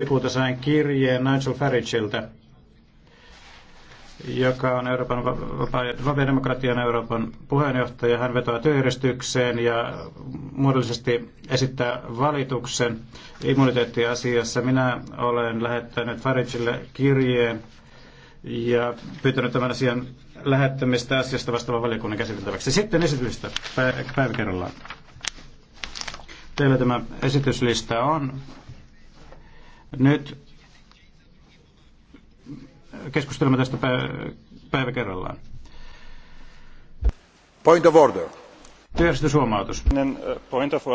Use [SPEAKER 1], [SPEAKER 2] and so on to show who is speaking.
[SPEAKER 1] Lipulta sain kirjeen Nigel Farageilta, joka on Euroopan vapaa demokratian Euroopan puheenjohtaja. Hän vetoaa työjärjestykseen ja muodollisesti esittää valituksen immuniteettiasiassa. Minä olen lähettänyt Farageille kirjeen ja pyytänyt tämän asian lähettämistä asiasta vastaavan valiokunnan käsiteltäväksi. Sitten esitystä päivä kerrallaan. Teillä tämä esityslista on. Nyt keskustelemme tästä päivä
[SPEAKER 2] kerrallaan. Point of order. Työjärjestyshuomautus. Niin, eh, point of order.